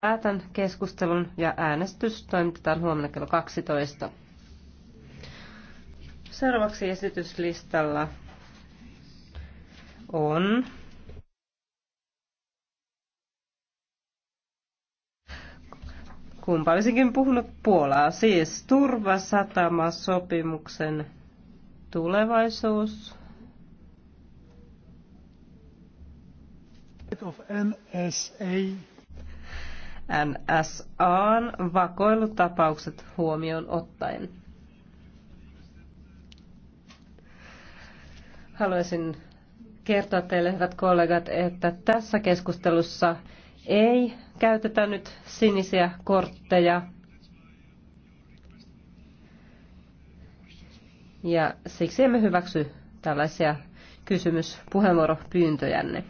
Päätän keskustelun ja äänestys toimitetaan huomenna kello 12. Seuraavaksi esityslistalla on kumpa olisinkin puhunut Puolaa, siis turvasatamasopimuksen tulevaisuus. Of NSA NSAn vakoilutapaukset huomioon ottaen. Haluaisin kertoa teille, hyvät kollegat, että tässä keskustelussa ei käytetä nyt sinisiä kortteja. Ja siksi emme hyväksy tällaisia kysymyspuheenvuoropyyntöjänne.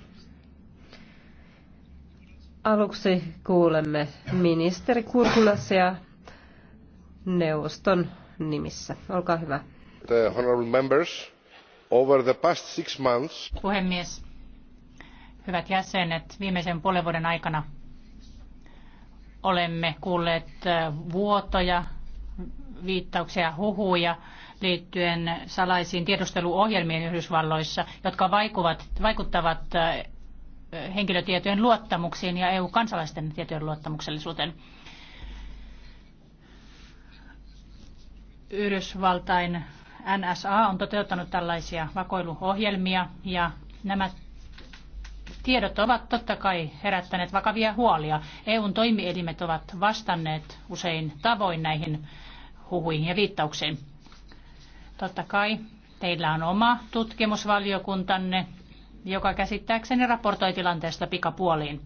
Aluksi kuulemme ministeri Kurkulasia neuvoston nimissä. Olkaa hyvä. The honorable members, over the past six months... Puhemies, hyvät jäsenet, viimeisen puolen vuoden aikana olemme kuulleet äh, vuotoja, viittauksia, huhuja liittyen salaisiin tiedusteluohjelmiin Yhdysvalloissa, jotka vaikuvat, vaikuttavat äh, henkilötietojen luottamuksiin ja EU-kansalaisten tietojen luottamuksellisuuteen. Yhdysvaltain NSA on toteuttanut tällaisia vakoiluohjelmia ja nämä tiedot ovat totta kai herättäneet vakavia huolia. EUn toimielimet ovat vastanneet usein tavoin näihin huhuihin ja viittauksiin. Totta kai teillä on oma tutkimusvaliokuntanne joka käsittääkseni raportoi tilanteesta pikapuoliin.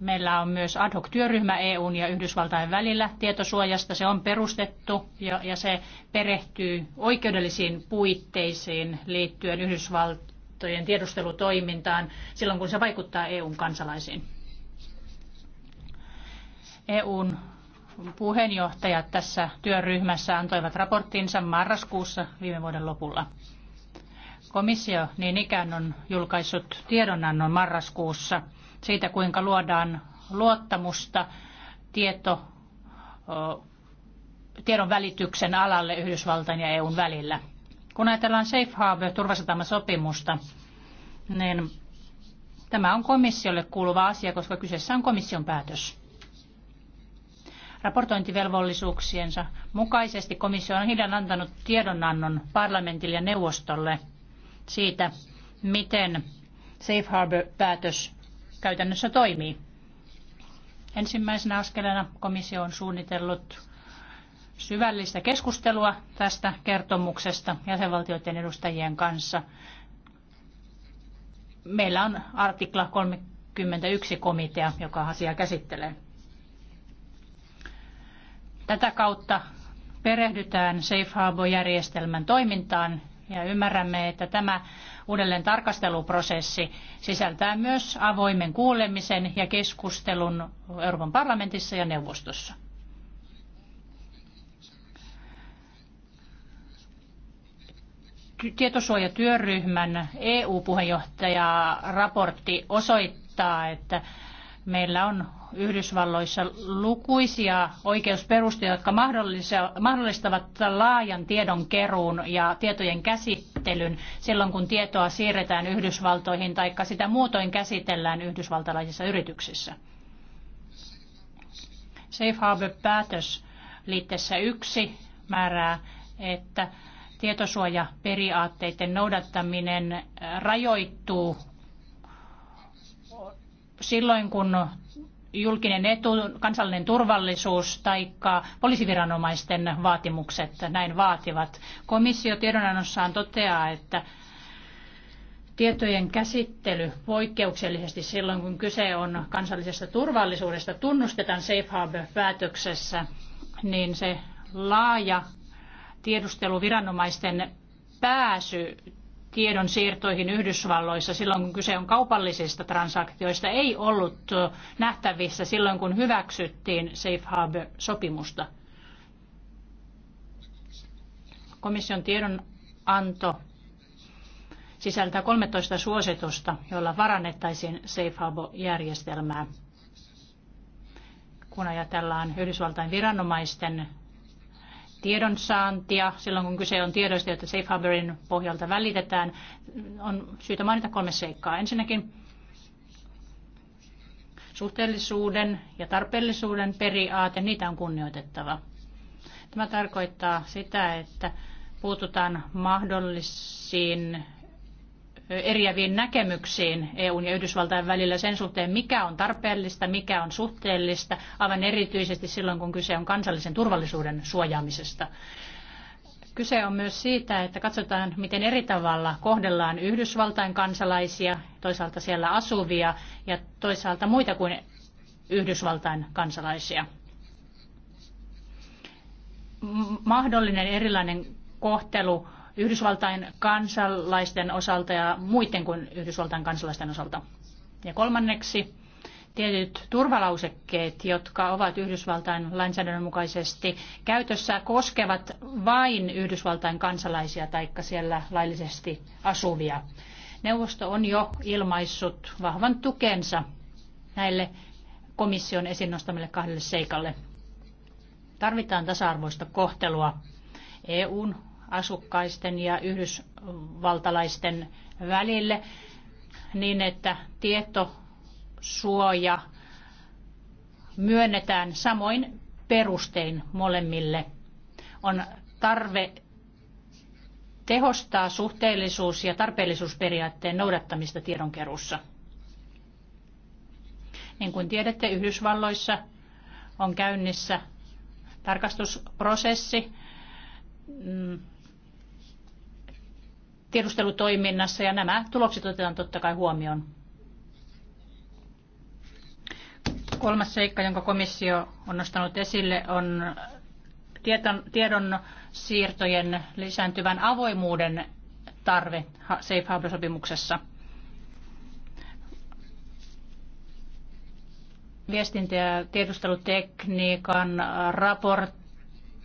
Meillä on myös ad hoc työryhmä EUn ja Yhdysvaltain välillä tietosuojasta. Se on perustettu ja, ja se perehtyy oikeudellisiin puitteisiin liittyen Yhdysvaltojen tiedustelutoimintaan silloin, kun se vaikuttaa EUn kansalaisiin. EUn puheenjohtajat tässä työryhmässä antoivat raporttinsa marraskuussa viime vuoden lopulla. Komissio niin ikään on julkaissut tiedonannon marraskuussa siitä, kuinka luodaan luottamusta tieto, tiedon välityksen alalle Yhdysvaltain ja EUn välillä. Kun ajatellaan Safe Harbor turvasatamasopimusta, niin tämä on komissiolle kuuluva asia, koska kyseessä on komission päätös. Raportointivelvollisuuksiensa mukaisesti komissio on hidan antanut tiedonannon parlamentille ja neuvostolle – siitä, miten Safe Harbor-päätös käytännössä toimii. Ensimmäisenä askeleena komissio on suunnitellut syvällistä keskustelua tästä kertomuksesta jäsenvaltioiden edustajien kanssa. Meillä on artikla 31 komitea, joka asiaa käsittelee. Tätä kautta perehdytään Safe Harbor-järjestelmän toimintaan ja ymmärrämme, että tämä uudelleen tarkasteluprosessi sisältää myös avoimen kuulemisen ja keskustelun Euroopan parlamentissa ja neuvostossa. Tietosuojatyöryhmän EU-puheenjohtaja raportti osoittaa, että Meillä on Yhdysvalloissa lukuisia oikeusperusteita, jotka mahdollistavat laajan tiedon keruun ja tietojen käsittelyn silloin, kun tietoa siirretään Yhdysvaltoihin tai sitä muutoin käsitellään yhdysvaltalaisissa yrityksissä. Safe Harbor-päätös liitteessä yksi määrää, että tietosuojaperiaatteiden noudattaminen rajoittuu silloin, kun julkinen etu, kansallinen turvallisuus tai poliisiviranomaisten vaatimukset näin vaativat. Komissio tiedonannossaan toteaa, että tietojen käsittely poikkeuksellisesti silloin, kun kyse on kansallisesta turvallisuudesta, tunnustetaan Safe Harbor-päätöksessä, niin se laaja tiedusteluviranomaisten pääsy tiedon siirtoihin Yhdysvalloissa silloin, kun kyse on kaupallisista transaktioista, ei ollut nähtävissä silloin, kun hyväksyttiin Safe Harbor-sopimusta. Komission tiedonanto sisältää 13 suositusta, joilla varannettaisiin Safe Harbor-järjestelmää. Kun ajatellaan Yhdysvaltain viranomaisten tiedonsaantia silloin, kun kyse on tiedoista, joita Safe Harborin pohjalta välitetään, on syytä mainita kolme seikkaa. Ensinnäkin suhteellisuuden ja tarpeellisuuden periaate, niitä on kunnioitettava. Tämä tarkoittaa sitä, että puututaan mahdollisiin eriäviin näkemyksiin EUn ja Yhdysvaltain välillä sen suhteen, mikä on tarpeellista, mikä on suhteellista, aivan erityisesti silloin, kun kyse on kansallisen turvallisuuden suojaamisesta. Kyse on myös siitä, että katsotaan, miten eri tavalla kohdellaan Yhdysvaltain kansalaisia, toisaalta siellä asuvia ja toisaalta muita kuin Yhdysvaltain kansalaisia. Mahdollinen erilainen kohtelu Yhdysvaltain kansalaisten osalta ja muiden kuin Yhdysvaltain kansalaisten osalta. Ja kolmanneksi tietyt turvalausekkeet, jotka ovat Yhdysvaltain lainsäädännön mukaisesti käytössä, koskevat vain Yhdysvaltain kansalaisia tai siellä laillisesti asuvia. Neuvosto on jo ilmaissut vahvan tukensa näille komission esiin nostamille kahdelle seikalle. Tarvitaan tasa-arvoista kohtelua EUn asukkaisten ja yhdysvaltalaisten välille niin, että tietosuoja myönnetään samoin perustein molemmille. On tarve tehostaa suhteellisuus- ja tarpeellisuusperiaatteen noudattamista tiedonkeruussa. Niin kuin tiedätte, Yhdysvalloissa on käynnissä tarkastusprosessi mm, tiedustelutoiminnassa ja nämä tulokset otetaan totta kai huomioon. Kolmas seikka, jonka komissio on nostanut esille, on tiedon, tiedon siirtojen lisääntyvän avoimuuden tarve Safe Harbor-sopimuksessa. Viestintä- ja tiedustelutekniikan raportti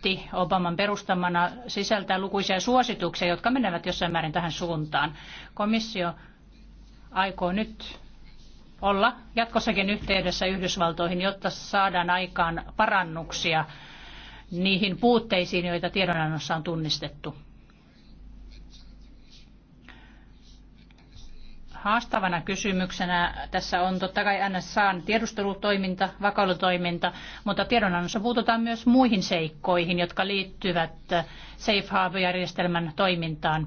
parlamentti Obaman perustamana sisältää lukuisia suosituksia, jotka menevät jossain määrin tähän suuntaan. Komissio aikoo nyt olla jatkossakin yhteydessä Yhdysvaltoihin, jotta saadaan aikaan parannuksia niihin puutteisiin, joita tiedonannossa on tunnistettu. Haastavana kysymyksenä tässä on totta kai NSAn tiedustelutoiminta, vakoilutoiminta, mutta tiedonannossa puututaan myös muihin seikkoihin, jotka liittyvät Safe Harbor-järjestelmän toimintaan.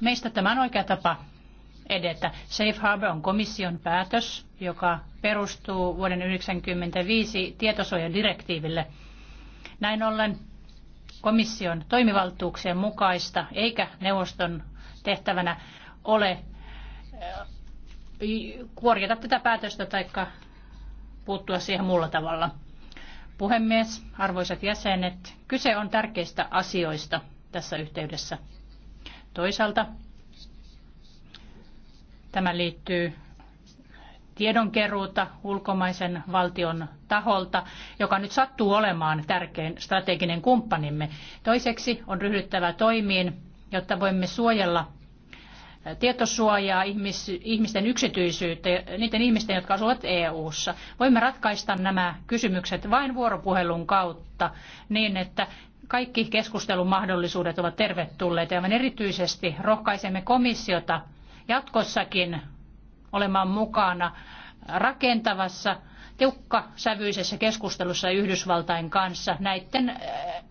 Meistä tämä on oikea tapa edetä. Safe Harbor on komission päätös, joka perustuu vuoden 1995 tietosuojadirektiiville. Näin ollen komission toimivaltuuksien mukaista eikä neuvoston tehtävänä ole äh, korjata tätä päätöstä tai puuttua siihen muulla tavalla. Puhemies, arvoisat jäsenet, kyse on tärkeistä asioista tässä yhteydessä. Toisaalta tämä liittyy tiedonkeruuta ulkomaisen valtion taholta, joka nyt sattuu olemaan tärkein strateginen kumppanimme. Toiseksi on ryhdyttävä toimiin, jotta voimme suojella tietosuojaa, ihmis, ihmisten yksityisyyttä, niiden ihmisten, jotka asuvat EU-ssa. Voimme ratkaista nämä kysymykset vain vuoropuhelun kautta niin, että kaikki keskustelun mahdollisuudet ovat tervetulleita. Ja erityisesti rohkaisemme komissiota jatkossakin olemaan mukana rakentavassa tiukkasävyisessä keskustelussa Yhdysvaltain kanssa näiden eh,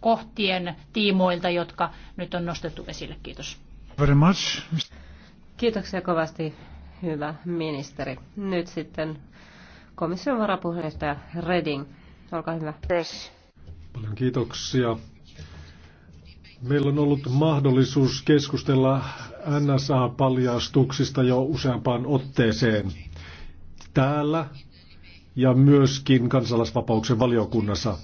kohtien tiimoilta, jotka nyt on nostettu esille. Kiitos. Very much. Kiitoksia kovasti, hyvä ministeri. Nyt sitten komission varapuheenjohtaja Reding. Olkaa hyvä. Yes. Paljon kiitoksia. Meillä on ollut mahdollisuus keskustella NSA-paljastuksista jo useampaan otteeseen täällä ja myöskin kansalaisvapauksen valiokunnassa.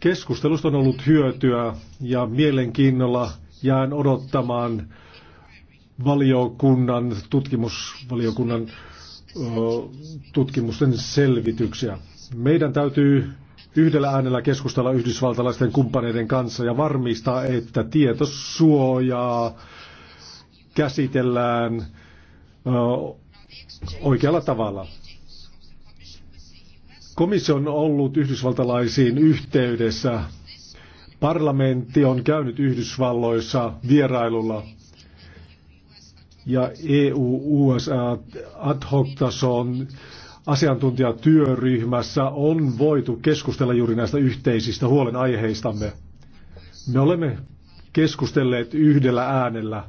Keskustelusta on ollut hyötyä ja mielenkiinnolla jään odottamaan valiokunnan, tutkimusvaliokunnan tutkimusten selvityksiä. Meidän täytyy yhdellä äänellä keskustella yhdysvaltalaisten kumppaneiden kanssa ja varmistaa, että tietosuojaa käsitellään oikealla tavalla. Komissio on ollut yhdysvaltalaisiin yhteydessä Parlamentti on käynyt Yhdysvalloissa vierailulla ja EU-USA ad hoc-tason asiantuntijatyöryhmässä on voitu keskustella juuri näistä yhteisistä huolenaiheistamme. Me olemme keskustelleet yhdellä äänellä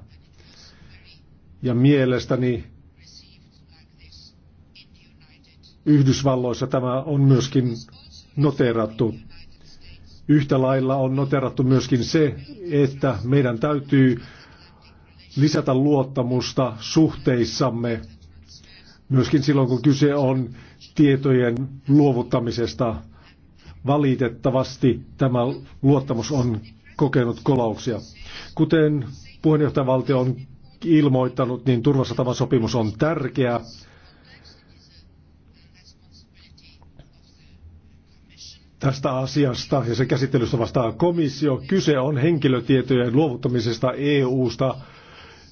ja mielestäni Yhdysvalloissa tämä on myöskin noteerattu. Yhtä lailla on noterattu myöskin se, että meidän täytyy lisätä luottamusta suhteissamme, myöskin silloin kun kyse on tietojen luovuttamisesta. Valitettavasti tämä luottamus on kokenut kolauksia. Kuten puheenjohtajavaltio on ilmoittanut, niin turvasataman sopimus on tärkeä. tästä asiasta ja sen käsittelystä vastaa komissio. Kyse on henkilötietojen luovuttamisesta EU-sta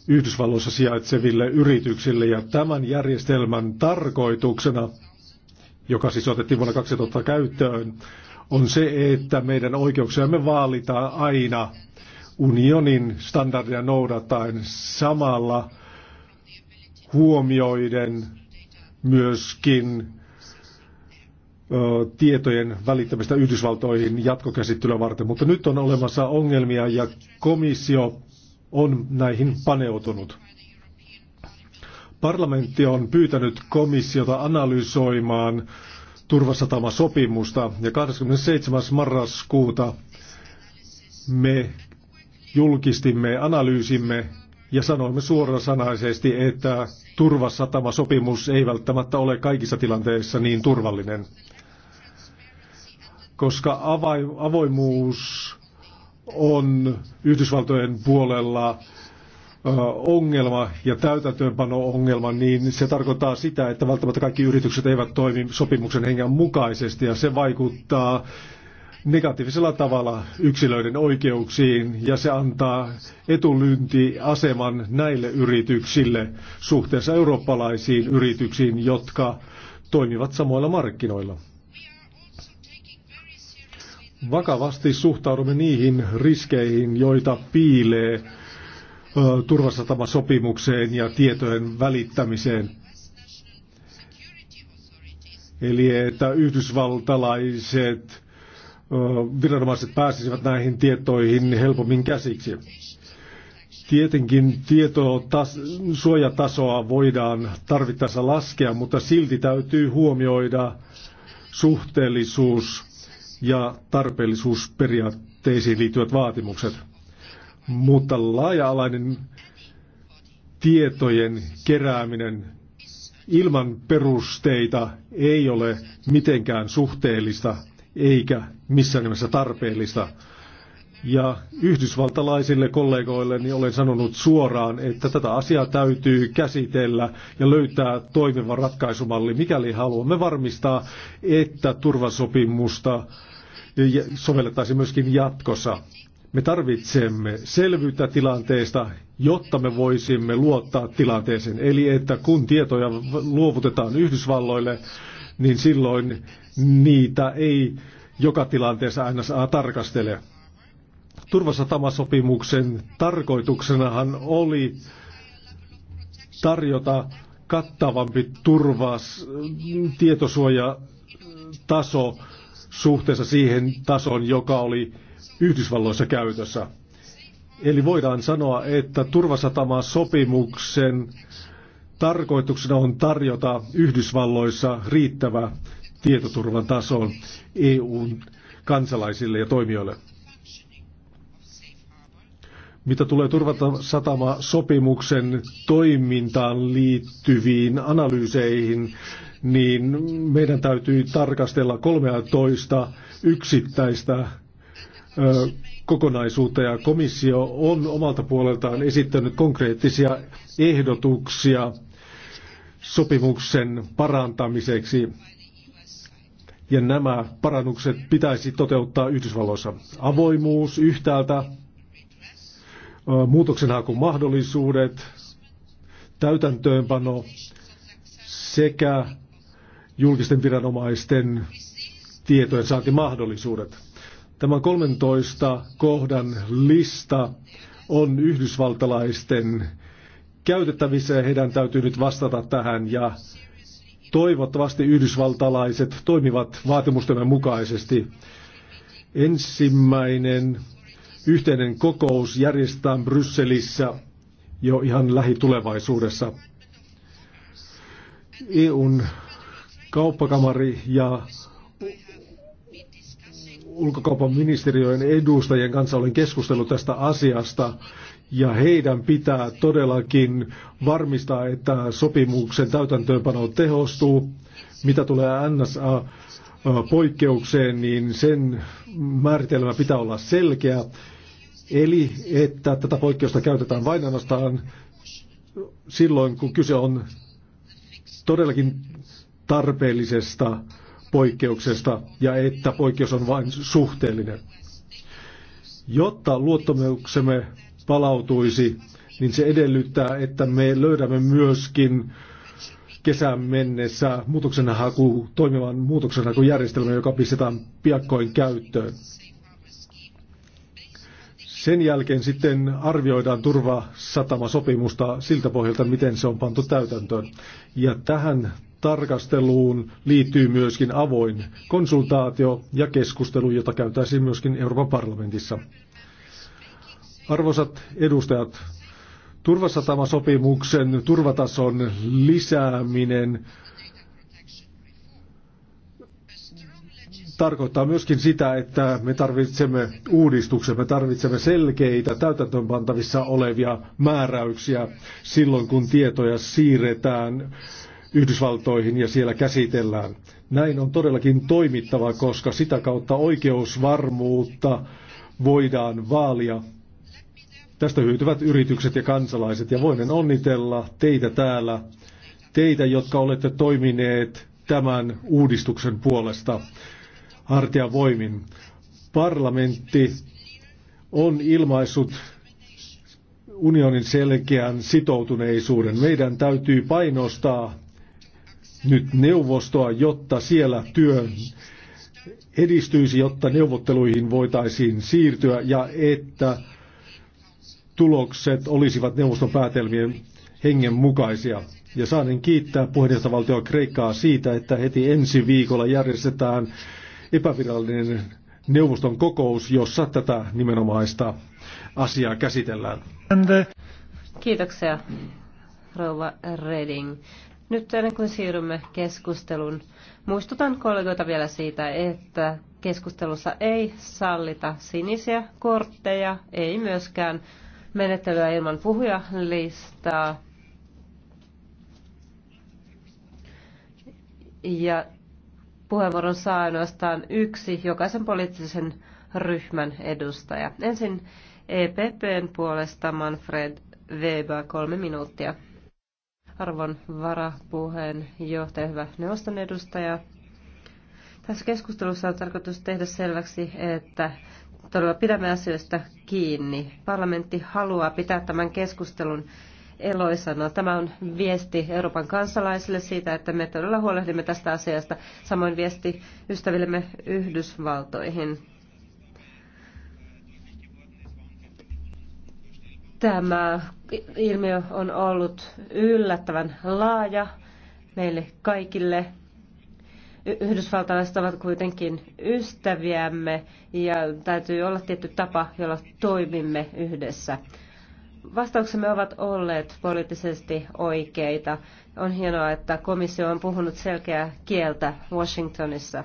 Yhdysvalloissa sijaitseville yrityksille ja tämän järjestelmän tarkoituksena, joka siis otettiin vuonna 2000 käyttöön, on se, että meidän oikeuksiamme vaalitaan aina unionin standardia noudattaen samalla huomioiden myöskin tietojen välittämistä Yhdysvaltoihin jatkokäsittelyä varten, mutta nyt on olemassa ongelmia ja komissio on näihin paneutunut. Parlamentti on pyytänyt komissiota analysoimaan turvasatama-sopimusta ja 27. marraskuuta me julkistimme analyysimme ja sanoimme suorasanaisesti, että sopimus ei välttämättä ole kaikissa tilanteissa niin turvallinen koska avoimuus on Yhdysvaltojen puolella ongelma ja täytäntöönpano-ongelma, niin se tarkoittaa sitä, että välttämättä kaikki yritykset eivät toimi sopimuksen hengen mukaisesti ja se vaikuttaa negatiivisella tavalla yksilöiden oikeuksiin ja se antaa etulyntiaseman näille yrityksille suhteessa eurooppalaisiin yrityksiin, jotka toimivat samoilla markkinoilla vakavasti suhtaudumme niihin riskeihin, joita piilee sopimukseen ja tietojen välittämiseen. Eli että yhdysvaltalaiset viranomaiset pääsisivät näihin tietoihin helpommin käsiksi. Tietenkin tietosuojatasoa voidaan tarvittaessa laskea, mutta silti täytyy huomioida suhteellisuus ja tarpeellisuusperiaatteisiin liittyvät vaatimukset. Mutta laaja-alainen tietojen kerääminen ilman perusteita ei ole mitenkään suhteellista eikä missään nimessä tarpeellista. Ja yhdysvaltalaisille kollegoille niin olen sanonut suoraan, että tätä asiaa täytyy käsitellä ja löytää toimiva ratkaisumalli, mikäli haluamme varmistaa, että turvasopimusta sovellettaisiin myöskin jatkossa. Me tarvitsemme selvyyttä tilanteesta, jotta me voisimme luottaa tilanteeseen. Eli että kun tietoja luovutetaan Yhdysvalloille, niin silloin niitä ei joka tilanteessa aina saa tarkastele turvasatamasopimuksen tarkoituksenahan oli tarjota kattavampi turvas, äh, tietosuojataso suhteessa siihen tason, joka oli Yhdysvalloissa käytössä. Eli voidaan sanoa, että turvasatamasopimuksen tarkoituksena on tarjota Yhdysvalloissa riittävä tietoturvan taso EUn kansalaisille ja toimijoille mitä tulee turvata satama sopimuksen toimintaan liittyviin analyyseihin, niin meidän täytyy tarkastella 13 yksittäistä ö, kokonaisuutta ja komissio on omalta puoleltaan esittänyt konkreettisia ehdotuksia sopimuksen parantamiseksi ja nämä parannukset pitäisi toteuttaa Yhdysvalloissa. Avoimuus yhtäältä muutoksenhakumahdollisuudet, täytäntöönpano sekä julkisten viranomaisten tietojen saantimahdollisuudet. Tämä 13 kohdan lista on yhdysvaltalaisten käytettävissä ja heidän täytyy nyt vastata tähän ja toivottavasti yhdysvaltalaiset toimivat vaatimustemme mukaisesti. Ensimmäinen yhteinen kokous järjestää Brysselissä jo ihan lähitulevaisuudessa. EUn kauppakamari ja ulkokaupan ministeriön edustajien kanssa olen keskustellut tästä asiasta ja heidän pitää todellakin varmistaa, että sopimuksen täytäntöönpano tehostuu. Mitä tulee NSA poikkeukseen, niin sen määritelmä pitää olla selkeä. Eli että tätä poikkeusta käytetään vain ainoastaan silloin, kun kyse on todellakin tarpeellisesta poikkeuksesta ja että poikkeus on vain suhteellinen. Jotta luottamuksemme palautuisi, niin se edellyttää, että me löydämme myöskin kesän mennessä muutoksenhaku, toimivan muutoksenhakujärjestelmän, joka pistetään piakkoin käyttöön. Sen jälkeen sitten arvioidaan turvasatamasopimusta siltä pohjalta, miten se on pantu täytäntöön. Ja tähän tarkasteluun liittyy myöskin avoin konsultaatio ja keskustelu, jota käytäisiin myöskin Euroopan parlamentissa. Arvoisat edustajat, turvasatamasopimuksen turvatason lisääminen tarkoittaa myöskin sitä, että me tarvitsemme uudistuksen, me tarvitsemme selkeitä täytäntöönpantavissa olevia määräyksiä silloin, kun tietoja siirretään Yhdysvaltoihin ja siellä käsitellään. Näin on todellakin toimittava, koska sitä kautta oikeusvarmuutta voidaan vaalia Tästä hyötyvät yritykset ja kansalaiset ja voinen onnitella teitä täällä, teitä, jotka olette toimineet tämän uudistuksen puolesta hartia voimin. Parlamentti on ilmaissut unionin selkeän sitoutuneisuuden. Meidän täytyy painostaa nyt neuvostoa, jotta siellä työ edistyisi, jotta neuvotteluihin voitaisiin siirtyä ja että tulokset olisivat neuvoston päätelmien hengen mukaisia. Ja saanen kiittää puheenjohtajavaltio Kreikkaa siitä, että heti ensi viikolla järjestetään epävirallinen neuvoston kokous, jossa tätä nimenomaista asiaa käsitellään. Kiitoksia, rouva Reding. Nyt ennen kuin siirrymme keskustelun, muistutan kollegoita vielä siitä, että keskustelussa ei sallita sinisiä kortteja, ei myöskään menettelyä ilman puhujalistaa. Ja puheenvuoron saa ainoastaan yksi jokaisen poliittisen ryhmän edustaja. Ensin EPPn puolesta Manfred Weber, kolme minuuttia. Arvon varapuheenjohtaja, hyvä neuvoston edustaja. Tässä keskustelussa on tarkoitus tehdä selväksi, että todella pidämme asioista kiinni. Parlamentti haluaa pitää tämän keskustelun eloisana. Tämä on viesti Euroopan kansalaisille siitä, että me todella huolehdimme tästä asiasta. Samoin viesti ystävillemme Yhdysvaltoihin. Tämä ilmiö on ollut yllättävän laaja meille kaikille Yhdysvaltalaiset ovat kuitenkin ystäviämme ja täytyy olla tietty tapa, jolla toimimme yhdessä. Vastauksemme ovat olleet poliittisesti oikeita. On hienoa, että komissio on puhunut selkeää kieltä Washingtonissa.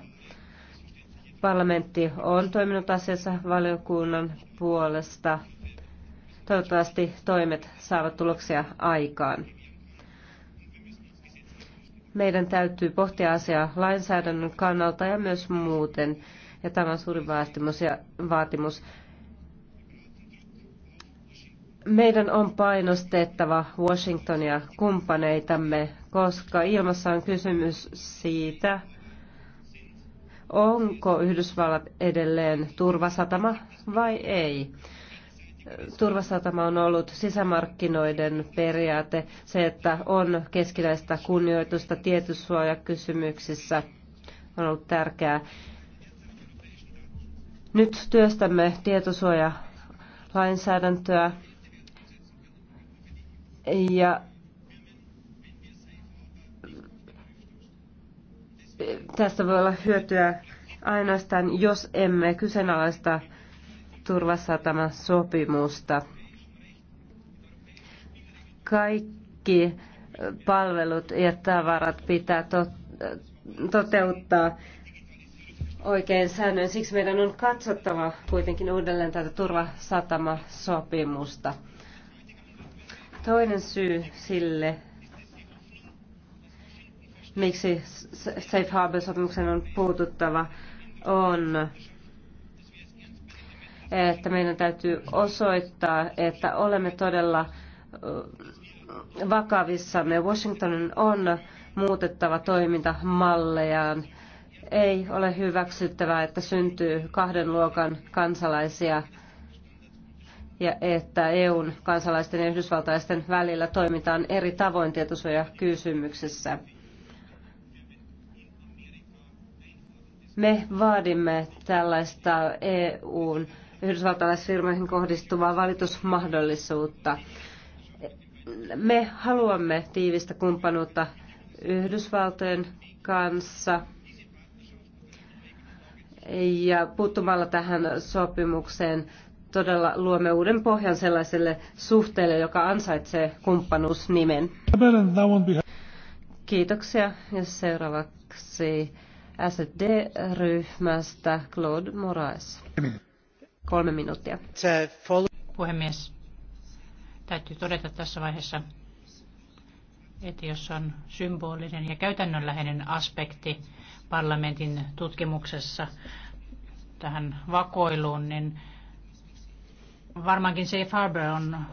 Parlamentti on toiminut asiassa valiokunnan puolesta. Toivottavasti toimet saavat tuloksia aikaan meidän täytyy pohtia asiaa lainsäädännön kannalta ja myös muuten. Ja tämä on suuri vaatimus. Ja vaatimus. Meidän on painostettava Washingtonia kumppaneitamme, koska ilmassa on kysymys siitä, onko Yhdysvallat edelleen turvasatama vai ei turvasatama on ollut sisämarkkinoiden periaate, se, että on keskinäistä kunnioitusta tietosuojakysymyksissä on ollut tärkeää. Nyt työstämme tietosuojalainsäädäntöä ja tästä voi olla hyötyä ainoastaan, jos emme kyseenalaista turvasataman sopimusta. Kaikki palvelut ja tavarat pitää toteuttaa oikein säännöin. Siksi meidän on katsottava kuitenkin uudelleen tätä turvasatamasopimusta. Toinen syy sille, miksi Safe Harbor-sopimuksen on puututtava, on että meidän täytyy osoittaa, että olemme todella vakavissamme. Washingtonin on muutettava toimintamallejaan. Ei ole hyväksyttävää, että syntyy kahden luokan kansalaisia ja että EUn kansalaisten ja yhdysvaltaisten välillä toimitaan eri tavoin tietosuojakysymyksissä. Me vaadimme tällaista EUn yhdysvaltalaisfirmoihin kohdistuvaa valitusmahdollisuutta. Me haluamme tiivistä kumppanuutta Yhdysvaltojen kanssa ja puuttumalla tähän sopimukseen todella luomme uuden pohjan sellaiselle suhteelle, joka ansaitsee kumppanuusnimen. Kiitoksia. Ja seuraavaksi SD-ryhmästä Claude Moraes. Kolme minuuttia. Puhemies, täytyy todeta tässä vaiheessa, että jos on symbolinen ja käytännönläheinen aspekti parlamentin tutkimuksessa tähän vakoiluun, niin varmaankin Safe Harbor on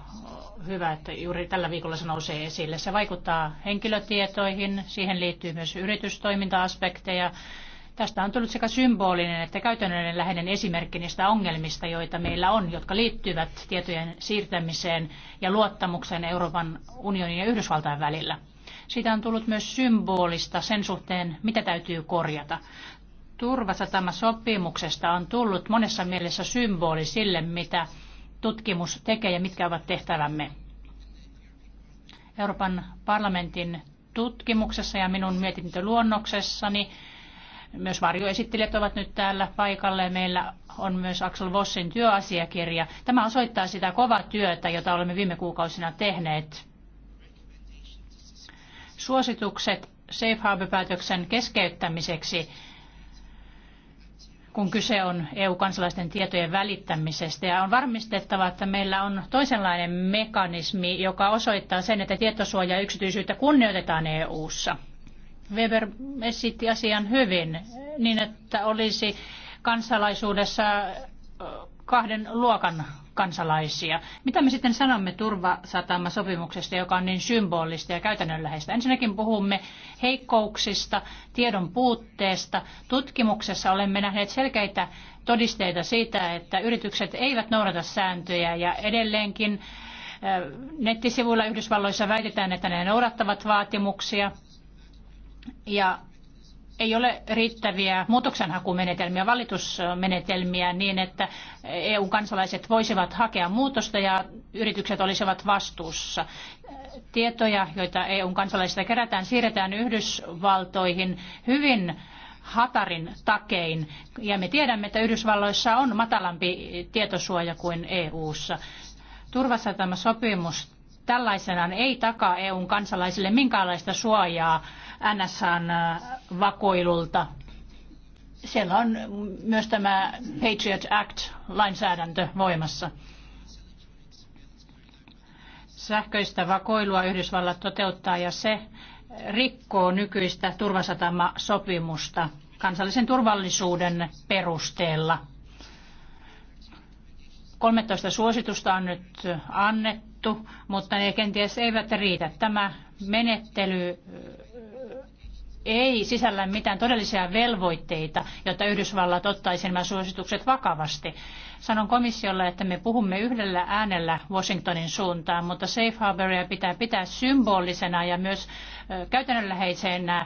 hyvä, että juuri tällä viikolla se nousee esille. Se vaikuttaa henkilötietoihin, siihen liittyy myös yritystoiminta-aspekteja Tästä on tullut sekä symbolinen että käytännöllinen läheinen esimerkki niistä ongelmista, joita meillä on, jotka liittyvät tietojen siirtämiseen ja luottamukseen Euroopan unionin ja Yhdysvaltain välillä. Siitä on tullut myös symbolista sen suhteen, mitä täytyy korjata. Turvasatama-sopimuksesta on tullut monessa mielessä symboli sille, mitä tutkimus tekee ja mitkä ovat tehtävämme. Euroopan parlamentin tutkimuksessa ja minun mietintöluonnoksessani myös varjoesittelijät ovat nyt täällä paikalla ja meillä on myös Axel Vossin työasiakirja. Tämä osoittaa sitä kovaa työtä, jota olemme viime kuukausina tehneet. Suositukset Safe Harbor-päätöksen keskeyttämiseksi kun kyse on EU-kansalaisten tietojen välittämisestä. Ja on varmistettava, että meillä on toisenlainen mekanismi, joka osoittaa sen, että tietosuoja ja yksityisyyttä kunnioitetaan EU-ssa. Weber esitti asian hyvin niin, että olisi kansalaisuudessa kahden luokan kansalaisia. Mitä me sitten sanomme sopimuksesta, joka on niin symbolista ja käytännönläheistä? Ensinnäkin puhumme heikkouksista, tiedon puutteesta. Tutkimuksessa olemme nähneet selkeitä todisteita siitä, että yritykset eivät noudata sääntöjä ja edelleenkin nettisivuilla Yhdysvalloissa väitetään, että ne noudattavat vaatimuksia ja ei ole riittäviä muutoksenhakumenetelmiä, valitusmenetelmiä niin, että EU-kansalaiset voisivat hakea muutosta ja yritykset olisivat vastuussa. Tietoja, joita EU-kansalaisista kerätään, siirretään Yhdysvaltoihin hyvin hatarin takein. Ja me tiedämme, että Yhdysvalloissa on matalampi tietosuoja kuin EU:ssa. Turvassa tämä sopimus tällaisenaan ei takaa eu kansalaisille minkäänlaista suojaa NSAn äh, vakoilulta. Siellä on myös tämä Patriot Act-lainsäädäntö voimassa. Sähköistä vakoilua Yhdysvallat toteuttaa ja se rikkoo nykyistä turvasatamasopimusta kansallisen turvallisuuden perusteella. 13 suositusta on nyt annettu, mutta ne kenties eivät riitä. Tämä menettely ei sisällä mitään todellisia velvoitteita, jotta Yhdysvallat ottaisi nämä suositukset vakavasti. Sanon komissiolle, että me puhumme yhdellä äänellä Washingtonin suuntaan, mutta safe harboria pitää pitää symbolisena ja myös käytännönläheisenä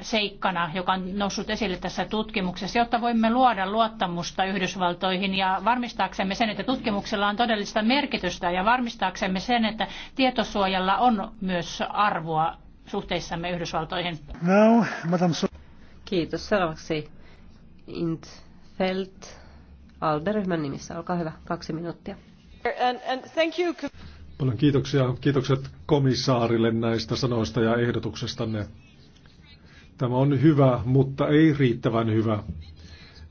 seikkana, joka on noussut esille tässä tutkimuksessa, jotta voimme luoda luottamusta Yhdysvaltoihin ja varmistaaksemme sen, että tutkimuksella on todellista merkitystä ja varmistaaksemme sen, että tietosuojalla on myös arvoa suhteissamme Yhdysvaltoihin. Now, Madame so- Kiitos. Seuraavaksi Intfeld Alderyhmän nimissä. Olkaa hyvä. Kaksi minuuttia. And, and thank you. Paljon kiitoksia. Kiitokset komissaarille näistä sanoista ja ehdotuksestanne. Tämä on hyvä, mutta ei riittävän hyvä.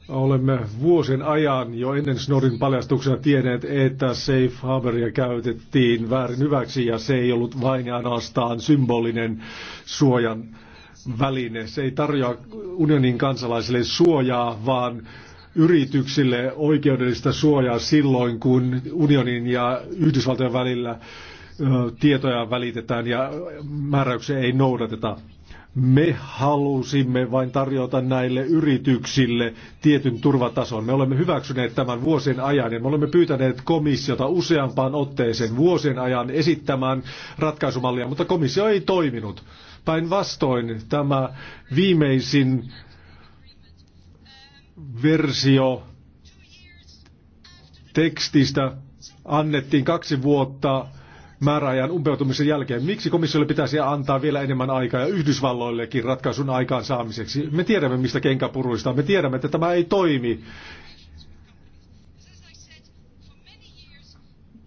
Olemme vuosien ajan jo ennen Snorin paljastuksena tienneet, että safe harboria käytettiin väärin hyväksi ja se ei ollut vain ja ainoastaan symbolinen suojan väline. Se ei tarjoa unionin kansalaisille suojaa, vaan yrityksille oikeudellista suojaa silloin, kun unionin ja Yhdysvaltojen välillä tietoja välitetään ja määräyksiä ei noudateta. Me halusimme vain tarjota näille yrityksille tietyn turvatason. Me olemme hyväksyneet tämän vuosien ajan ja me olemme pyytäneet komissiota useampaan otteeseen vuosien ajan esittämään ratkaisumallia, mutta komissio ei toiminut. Päinvastoin tämä viimeisin versio tekstistä annettiin kaksi vuotta määräajan umpeutumisen jälkeen. Miksi komissiolle pitäisi antaa vielä enemmän aikaa ja Yhdysvalloillekin ratkaisun aikaan saamiseksi? Me tiedämme, mistä kenkäpuruista. Me tiedämme, että tämä ei toimi.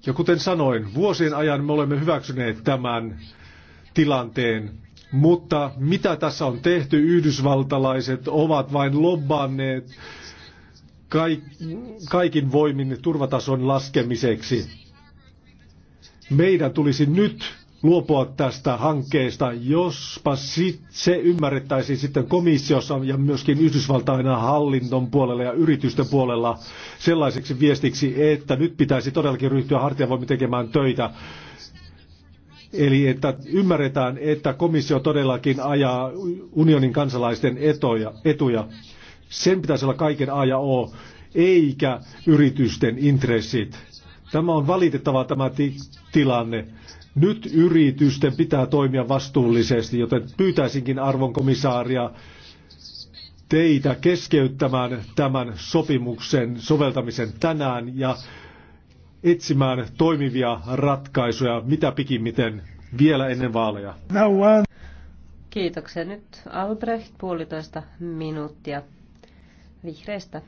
Ja kuten sanoin, vuosien ajan me olemme hyväksyneet tämän tilanteen. Mutta mitä tässä on tehty? Yhdysvaltalaiset ovat vain lobbanneet kaikin voimin turvatason laskemiseksi. Meidän tulisi nyt luopua tästä hankkeesta, jospa sit se ymmärrettäisiin sitten komissiossa ja myöskin Yhdysvaltain hallinnon puolella ja yritysten puolella sellaiseksi viestiksi, että nyt pitäisi todellakin ryhtyä hartiavoimin tekemään töitä. Eli että ymmärretään, että komissio todellakin ajaa unionin kansalaisten etoja, etuja. Sen pitäisi olla kaiken A ja O, eikä yritysten intressit. Tämä on valitettava tämä ti- tilanne. Nyt yritysten pitää toimia vastuullisesti, joten pyytäisinkin arvon komisaaria teitä keskeyttämään tämän sopimuksen soveltamisen tänään ja etsimään toimivia ratkaisuja mitä pikimmiten vielä ennen vaaleja. Kiitoksia. Nyt Albrecht puolitoista minuuttia vihreistä.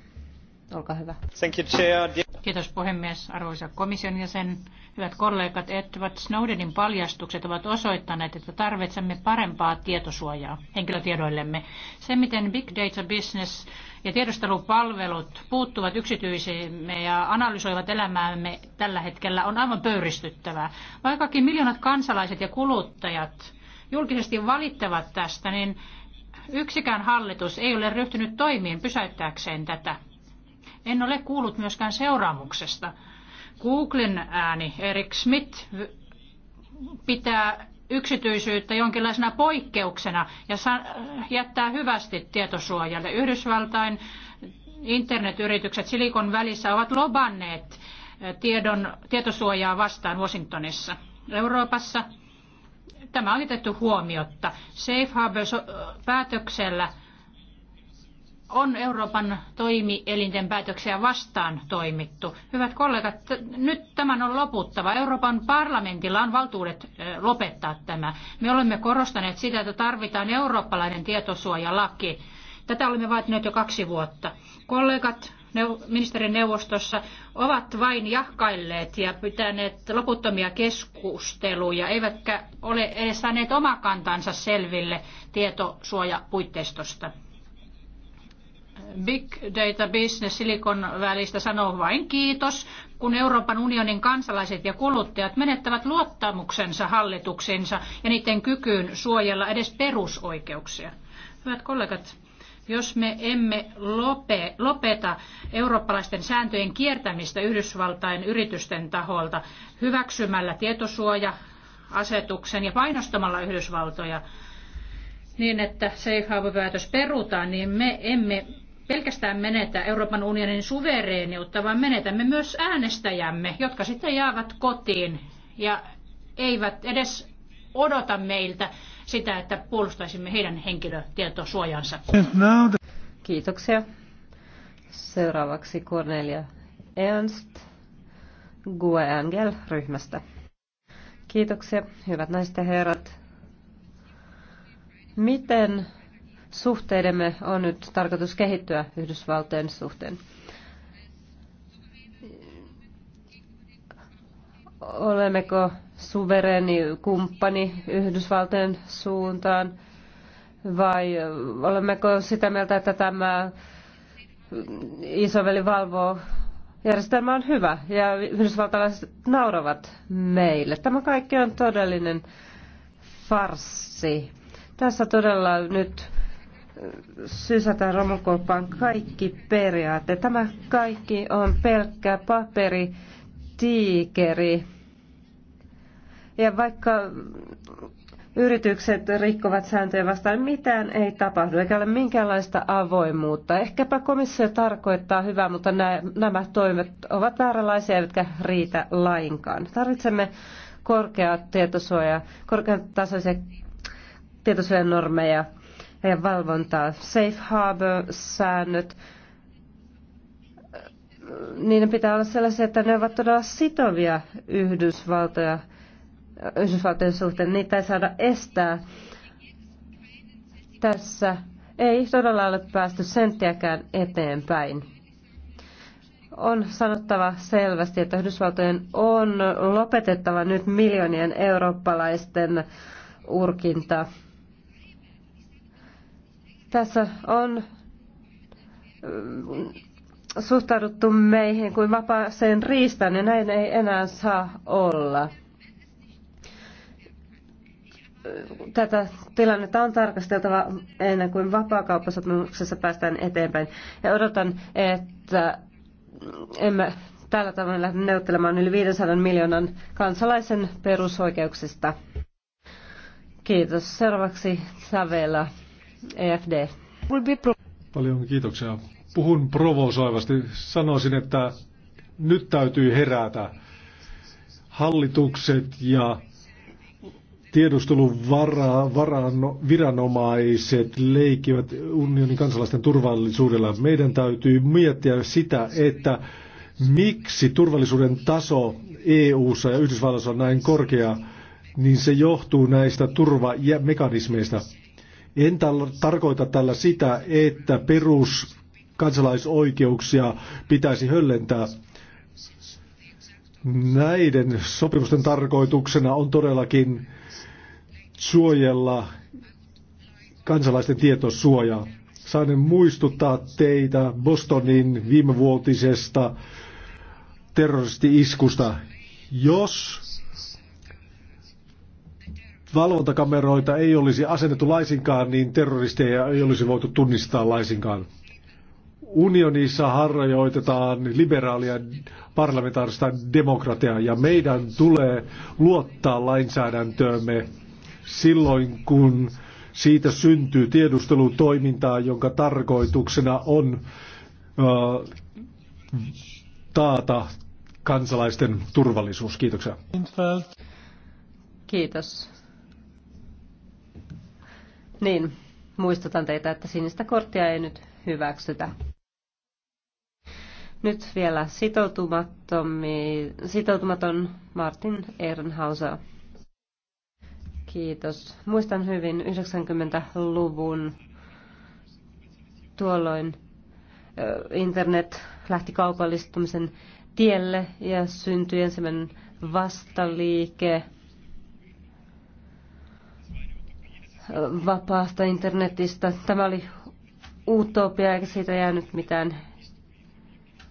Olkaa hyvä. Thank you, Chair. Kiitos puhemies, arvoisa komission jäsen. Hyvät kollegat, Edward Snowdenin paljastukset ovat osoittaneet, että tarvitsemme parempaa tietosuojaa henkilötiedoillemme. Se, miten big data business ja tiedustelupalvelut puuttuvat yksityisiimme ja analysoivat elämäämme tällä hetkellä, on aivan pöyristyttävää. Vaikkakin miljoonat kansalaiset ja kuluttajat julkisesti valittavat tästä, niin yksikään hallitus ei ole ryhtynyt toimiin pysäyttääkseen tätä. En ole kuullut myöskään seuraamuksesta. Googlen ääni Erik Schmidt pitää yksityisyyttä jonkinlaisena poikkeuksena ja jättää hyvästi tietosuojalle. Yhdysvaltain internetyritykset Silikon välissä ovat lobanneet eh, tiedon, tietosuojaa vastaan Washingtonissa. Euroopassa tämä on jätetty huomiotta. Safe Harbor-päätöksellä eh, – on Euroopan toimielinten päätöksiä vastaan toimittu. Hyvät kollegat, nyt tämän on loputtava. Euroopan parlamentilla on valtuudet lopettaa tämä. Me olemme korostaneet sitä, että tarvitaan eurooppalainen tietosuojalaki. Tätä olemme vaatineet jo kaksi vuotta. Kollegat ministerineuvostossa ovat vain jahkailleet ja pitäneet loputtomia keskusteluja, eivätkä ole edes saaneet omakantansa selville tietosuojapuitteistosta. Big Data Business Silicon välistä sanoo vain kiitos, kun Euroopan unionin kansalaiset ja kuluttajat menettävät luottamuksensa hallituksensa ja niiden kykyyn suojella edes perusoikeuksia. Hyvät kollegat, jos me emme lopeta eurooppalaisten sääntöjen kiertämistä Yhdysvaltain yritysten taholta hyväksymällä tietosuoja-asetuksen ja painostamalla Yhdysvaltoja niin, että safe harbor-päätös perutaan, niin me emme pelkästään menetä Euroopan unionin suvereeniutta, vaan menetämme myös äänestäjämme, jotka sitten jäävät kotiin ja eivät edes odota meiltä sitä, että puolustaisimme heidän henkilötietosuojansa. Kiitoksia. Seuraavaksi Cornelia Ernst Gue Angel ryhmästä. Kiitoksia, hyvät naiset ja herrat. Miten suhteidemme on nyt tarkoitus kehittyä Yhdysvaltojen suhteen. Olemmeko suvereni kumppani Yhdysvaltojen suuntaan vai olemmeko sitä mieltä, että tämä isoveli valvoo järjestelmä on hyvä ja yhdysvaltalaiset nauravat meille. Tämä kaikki on todellinen farsi. Tässä todella nyt sysätä romukoppaan kaikki periaatteet. Tämä kaikki on pelkkä paperi, tiikeri. Ja vaikka yritykset rikkovat sääntöjä vastaan, mitään ei tapahdu, eikä ole minkäänlaista avoimuutta. Ehkäpä komissio tarkoittaa hyvää, mutta nämä toimet ovat vääränlaisia, eivätkä riitä lainkaan. Tarvitsemme korkeaa tietosuojaa, korkeatasoisia tietosuojanormeja normeja valvontaa. Safe Harbor-säännöt, niiden pitää olla sellaisia, että ne ovat todella sitovia Yhdysvaltoja, Yhdysvaltojen suhteen. Niitä ei saada estää. Tässä ei todella ole päästy senttiäkään eteenpäin. On sanottava selvästi, että Yhdysvaltojen on lopetettava nyt miljoonien eurooppalaisten urkinta. Tässä on äh, suhtauduttu meihin kuin vapaaseen riistään, ja näin ei enää saa olla. Tätä tilannetta on tarkasteltava ennen kuin vapaakauppasopimuksessa päästään eteenpäin. Ja odotan, että emme tällä tavoin lähde neuvottelemaan yli 500 miljoonan kansalaisen perusoikeuksista. Kiitos. Seuraavaksi Savela. EFD. Paljon kiitoksia. Puhun provosoivasti. Sanoisin, että nyt täytyy herätä. Hallitukset ja tiedustelun vara, viranomaiset leikivät unionin kansalaisten turvallisuudella. Meidän täytyy miettiä sitä, että miksi turvallisuuden taso EU:ssa ja Yhdysvalloissa on näin korkea, niin se johtuu näistä turvamekanismeista. En tarkoita tällä sitä, että perus kansalaisoikeuksia pitäisi höllentää. Näiden sopimusten tarkoituksena on todellakin suojella kansalaisten tietosuojaa. Saan muistuttaa teitä Bostonin viimevuotisesta terroristi-iskusta. Jos valvontakameroita ei olisi asennettu laisinkaan, niin terroristeja ei olisi voitu tunnistaa laisinkaan. Unionissa harjoitetaan liberaalia parlamentaarista demokratiaa ja meidän tulee luottaa lainsäädäntöömme silloin, kun siitä syntyy tiedustelutoimintaa, jonka tarkoituksena on ö, taata kansalaisten turvallisuus. Kiitoksia. Kiitos. Niin, muistutan teitä, että sinistä korttia ei nyt hyväksytä. Nyt vielä sitoutumaton Martin Ehrenhauser. Kiitos. Muistan hyvin 90-luvun tuolloin internet lähti kaupallistumisen tielle ja syntyi ensimmäinen vastaliike vapaasta internetistä. Tämä oli utopia eikä siitä jäänyt mitään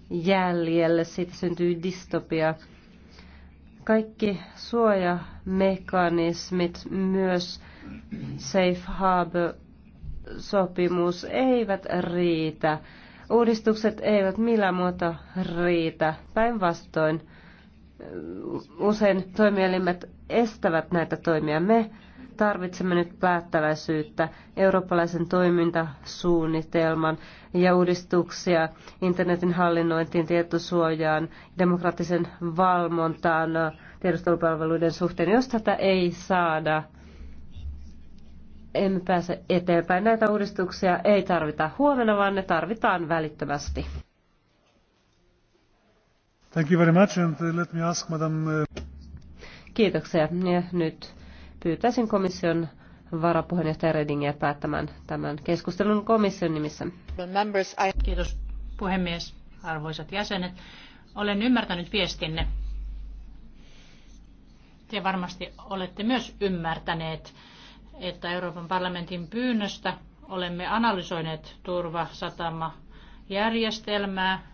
jäljelle. Siitä syntyi dystopia. Kaikki suojamekanismit, myös Safe Harbor-sopimus, eivät riitä. Uudistukset eivät millään muuta riitä. Päinvastoin usein toimielimet estävät näitä toimia. Me Tarvitsemme nyt päättäväisyyttä, eurooppalaisen toimintasuunnitelman ja uudistuksia internetin hallinnointiin, tietosuojaan, demokraattisen valvontaan, tiedustelupalveluiden suhteen. Jos tätä ei saada, emme pääse eteenpäin. Näitä uudistuksia ei tarvita huomenna, vaan ne tarvitaan välittömästi. Thank you very much and uh, let me ask Madam... Uh, Kiitoksia. Ja nyt pyytäisin komission varapuheenjohtaja Redingiä päättämään tämän keskustelun komission nimissä. Kiitos puhemies, arvoisat jäsenet. Olen ymmärtänyt viestinne. Te varmasti olette myös ymmärtäneet, että Euroopan parlamentin pyynnöstä olemme analysoineet turvasatama järjestelmää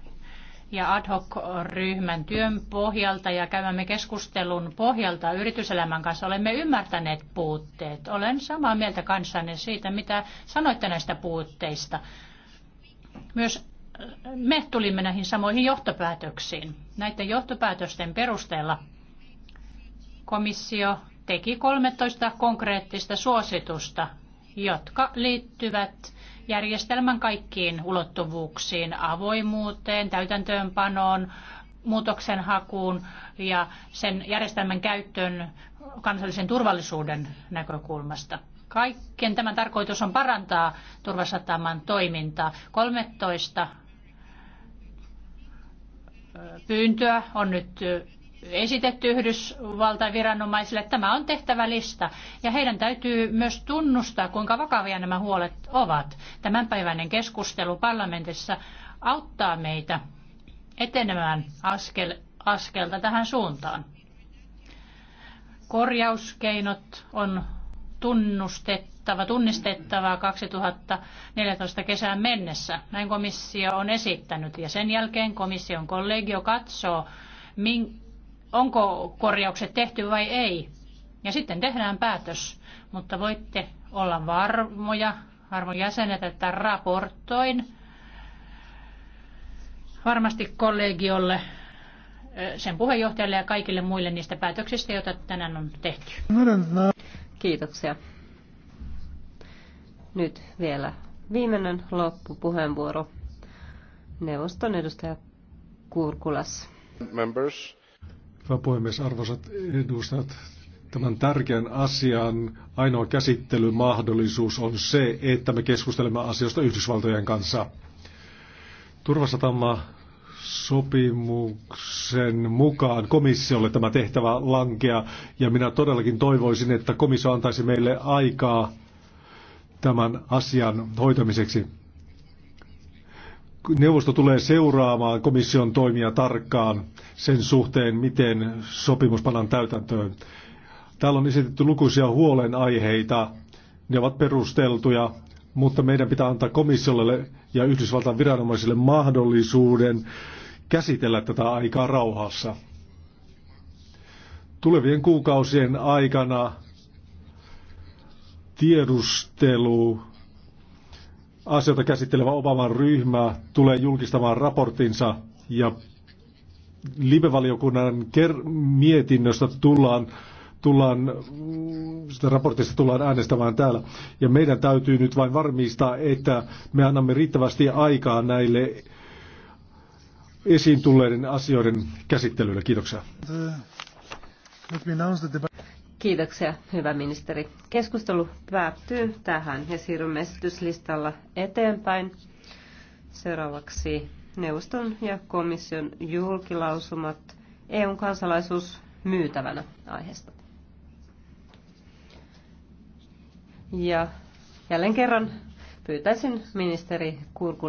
ja ad hoc-ryhmän työn pohjalta ja käymämme keskustelun pohjalta yrityselämän kanssa olemme ymmärtäneet puutteet. Olen samaa mieltä kanssanne siitä, mitä sanoitte näistä puutteista. Myös me tulimme näihin samoihin johtopäätöksiin. Näiden johtopäätösten perusteella komissio teki 13 konkreettista suositusta, jotka liittyvät järjestelmän kaikkiin ulottuvuuksiin, avoimuuteen, täytäntöönpanoon, muutoksen hakuun ja sen järjestelmän käyttöön kansallisen turvallisuuden näkökulmasta. Kaikkien tämän tarkoitus on parantaa turvasataman toimintaa. 13 pyyntöä on nyt esitetty Yhdysvaltain viranomaisille. Tämä on tehtävä lista ja heidän täytyy myös tunnustaa, kuinka vakavia nämä huolet ovat. Tämänpäiväinen keskustelu parlamentissa auttaa meitä etenemään askel, askelta tähän suuntaan. Korjauskeinot on tunnustettava, tunnistettava 2014 kesään mennessä. Näin komissio on esittänyt ja sen jälkeen komission kollegio katsoo, min, onko korjaukset tehty vai ei. Ja sitten tehdään päätös, mutta voitte olla varmoja, arvon jäsenet, että raportoin varmasti kollegiolle, sen puheenjohtajalle ja kaikille muille niistä päätöksistä, joita tänään on tehty. Kiitoksia. Nyt vielä viimeinen loppupuheenvuoro. Neuvoston edustaja Kurkulas. Members. Hyvä puhemies, arvoisat edustajat. Tämän tärkeän asian ainoa käsittelymahdollisuus on se, että me keskustelemme asioista Yhdysvaltojen kanssa. Turvasatama sopimuksen mukaan komissiolle tämä tehtävä lankea, ja minä todellakin toivoisin, että komissio antaisi meille aikaa tämän asian hoitamiseksi neuvosto tulee seuraamaan komission toimia tarkkaan sen suhteen, miten sopimus pannaan täytäntöön. Täällä on esitetty lukuisia huolenaiheita. Ne ovat perusteltuja, mutta meidän pitää antaa komissiolle ja Yhdysvaltain viranomaisille mahdollisuuden käsitellä tätä aikaa rauhassa. Tulevien kuukausien aikana tiedustelu asioita käsittelevä Obaman ryhmä tulee julkistamaan raporttinsa ja live-valiokunnan mietinnöstä tullaan tullaan, sitä raportista tullaan äänestämään täällä. Ja meidän täytyy nyt vain varmistaa, että me annamme riittävästi aikaa näille esiin tulleiden asioiden käsittelylle. Kiitoksia. Kiitoksia, hyvä ministeri. Keskustelu päättyy tähän ja siirrymme esityslistalla eteenpäin. Seuraavaksi neuvoston ja komission julkilausumat EUn kansalaisuus myytävänä aiheesta. Ja jälleen kerran pyytäisin ministeri Kurkula